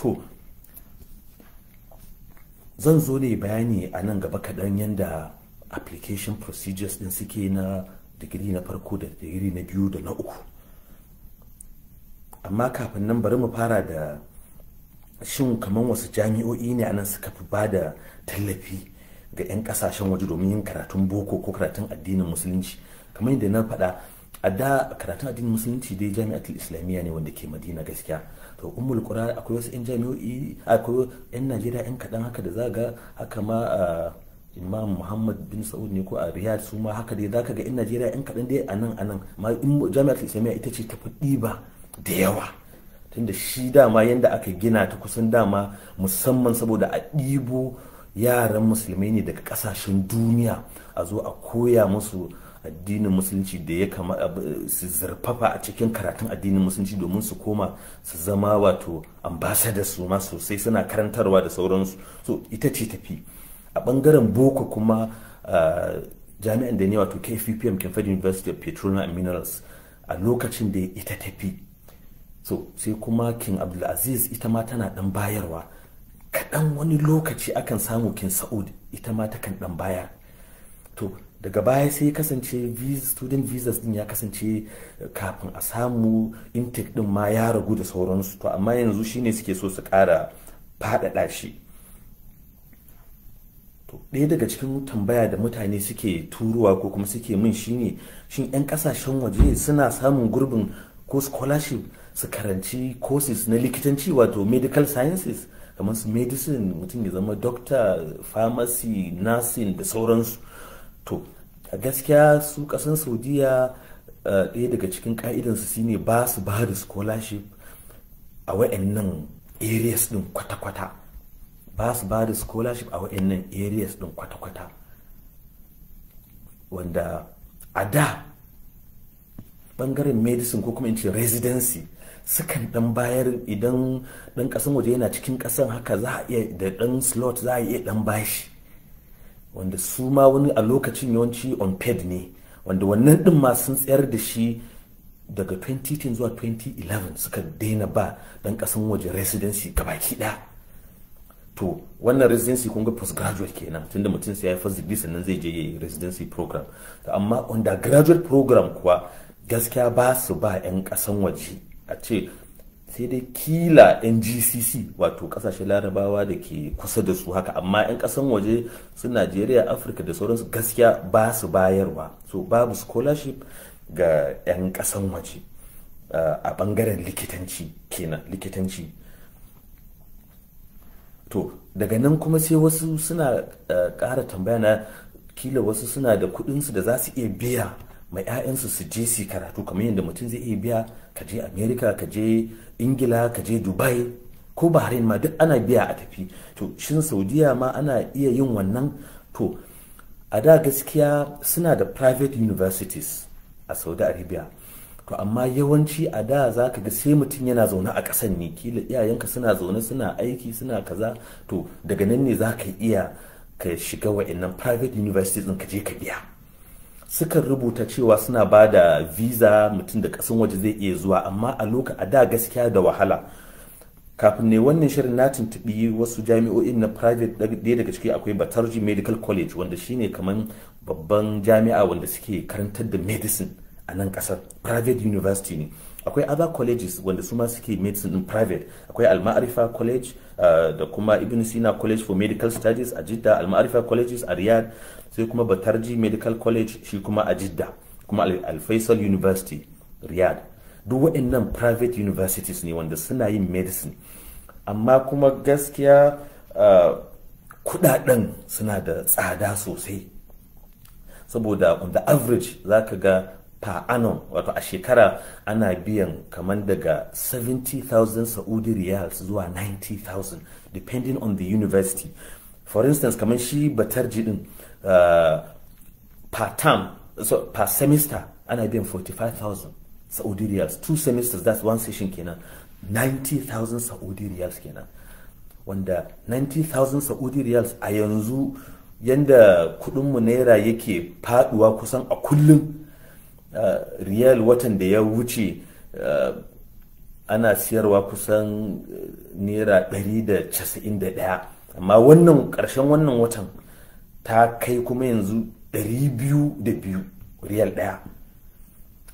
to zan zo ne bayani a nan gaba kaɗan yadda application procedures ɗin suke na digiri na farko da digiri na biyu da na uku amma kafin nan bari mu fara da shin kamar wasu jami'o'i ne a nan suka fi ba da tallafi ga 'yan kasashen waje domin yin karatun boko ko karatun addinin musulunci kamar yadda na faɗa a da karatun addinin musulunci dai jami'atul islamiyya ne wanda ke madina gaskiya to ummul qura akwai wasu yan jami'o'i akwai yan najeriya yan kaɗan haka da zaga haka ma imam muhammad bin sa'ud ne ko a riyad su ma haka dai zaka ga yan najeriya yan kaɗan dai a nan a nan ma jami'atul islamiyya ita ce ta fi ba da yawa tunda shi dama yanda aka gina ta kusan dama musamman saboda a ɗibo yaran musulmai ne daga ƙasashen duniya a zo a koya musu addinin musulunci da ya kama su zarfafa a cikin karatun addinin musulunci domin su koma su zama wato ambasada su ma sosai suna karantarwa da sauransu so ita ce tafi a bangaren boko kuma jami'an da ne wato kfpm kemfed university of petroleum and minerals a lokacin da ita tafi so sai kuma king abdulaziz ita ma tana dan bayarwa kaɗan wani lokaci akan samu kin sa'ud ita ma takan dan baya to daga baya sai ya kasance student visas din ya kasance eh, kafin a samu intake din ma ya ragu da sauransu to amma yanzu shine suke so su ƙara faɗaɗa shi to ɗaya daga cikin tambaya da mutane suke turuwa ko kuma suke min shine shin 'yan ƙasashen waje suna samun gurbin ko scholarship su karanci courses na likitanci wato medical sciences kamar su medicine mutum ya zama doctor pharmacy nursing da sauransu to a gaskiya su kasan saudiya eh, ɗaya daga cikin ka'idansu shine ba su ba da scholarship a wa'annan areas din kwata-kwata ba su ba da scholarship a wa'annan areas ɗin kwata-kwata wanda a da bangaren medicine ko kuma in ce residency sukan dan bayar idan ɗan ƙasan waje yana cikin ƙasan haka za a iya da dan slot za a iya ɗan bashi wanda su ma wani a lokacin yawanci on paid ne wanda wannan din ma sun tsayar da shi daga 2010 zuwa 2011 suka daina ba dan kasan waje residency gabaki ɗaya to wannan residency kun ga postgraduate kenan tunda mutum sai ya yi first degree sannan zai je yi residency program To amma undergraduate program kuwa gaskiya ba su ba 'yan kasan waje a ce sai dai kila yan gcc wato kasashen larabawa da ke kusa da su haka amma yan kasan waje su najeriya afirka da sauransu gaskiya ba su bayarwa so babu scholarship ga yan kasan waje uh, a bangaren likitanci kenan likitanci to daga nan kuma sai wasu suna uh, ƙara tambaya na kila wasu suna da kudinsu da za su iya biya mai 'ya'yansu su je su karatu kamar yadda mutum zai iya biya ka je america ka je ingila ka je dubai ko bahrain ma duk ana biya a tafi to shin saudiya ma ana iya yin wannan to a da gaskiya suna da private universities a saudi arabia to amma yawanci a da za ka ga sai mutum yana zaune a ƙasan ne kila iyayenka suna zaune suna aiki suna kaza to daga nan ne za ka iya ka shiga wa'annan private universities ɗin ka je ka biya sukan rubuta cewa suna ba da visa mutum da kasan waje zai iya zuwa amma a loka a da gaskiya da wahala kafin ne wannan shirin na tuntubi wasu jami'o'in na private ɗaya daga ciki akwai batarji medical college wanda shine kamar babban jami'a wanda suke karantar da medicine a nan ƙasar private university ne akwai other colleges wanda su ma suke medicine in private akwai alma'arifa college uh, da kuma ibn sina college for medical studies a jidda alma'arifa colleges a riyadh sai kuma batarji medical college shi kuma a jidda kuma alfaisal university riyadh duk waɗannan private universities ne wanda suna yin medicine amma kuma gaskiya kudaden suna da tsada sosai saboda on the average za ka ga per annum wato a shekara ana biyan kamar daga 70,000 saudi riyals zuwa 90,000 depending on the university for instance kamar shi batarji din Uh, per term so per semester ana been 45,000 saudi riyals two semesters that's one session kenan 90,000 saudi riyals kenan wanda 90,000 saudi riyals a yanzu yanda kuɗinmu naira yake faɗuwa kusan a kullum uh, riyal watan da ya wuce uh, ana siyarwa kusan naira 191 amma wannan karshen wannan watan ta kai kuma yanzu 202 riyal ɗaya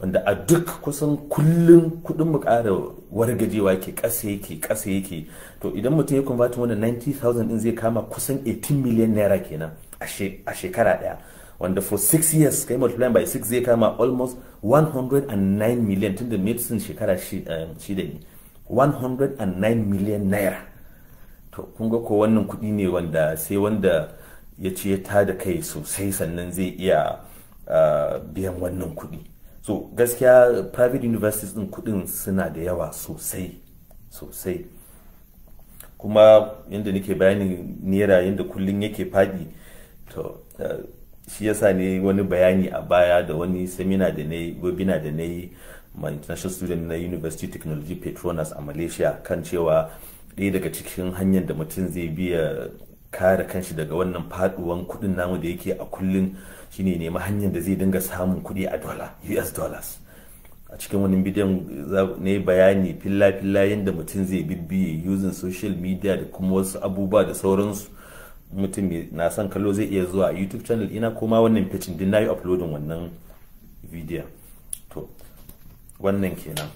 wanda a duk kusan kullum kudin mu ƙara wargajewa ke ƙasa yake ƙasa yake to idan mutum ya kumbatin wanda 90,000 din zai kama kusan 18 miliyan naira kenan a shekara ɗaya wanda for 6 years kai multiplying by 6 zai kama almost 109 million tun da medicine shekara shi eh, da ne 109 million naira to kun ga ko wannan kuɗi ne wanda sai wanda ya ce ya tada kai sosai sannan zai iya ah, biyan wannan kudi so gaskiya private universities din kudin suna da yawa sosai sosai kuma yadda nake bayanin nera yadda kullum yake fadi to ah, shi yasa ne wani bayani a baya da wani semina da na yi webinar da na yi ma international student na university technology petronas a malaysia kan cewa ɗaya daga cikin hanyar da mutum zai biya kare kanshi daga wannan faduwan kudin namu da yake a kullun shine nema hanyar da zai dinga samun kudi a dollar US dollars a cikin wani bidiyon ne bayani filla filla yadda mutum zai bibbiye using social media da kuma wasu abubuwa da sauransu mutum na son kallo zai iya zuwa youtube channel ina kuma wannan page din yi uploading wannan bidiyon to wannan kenan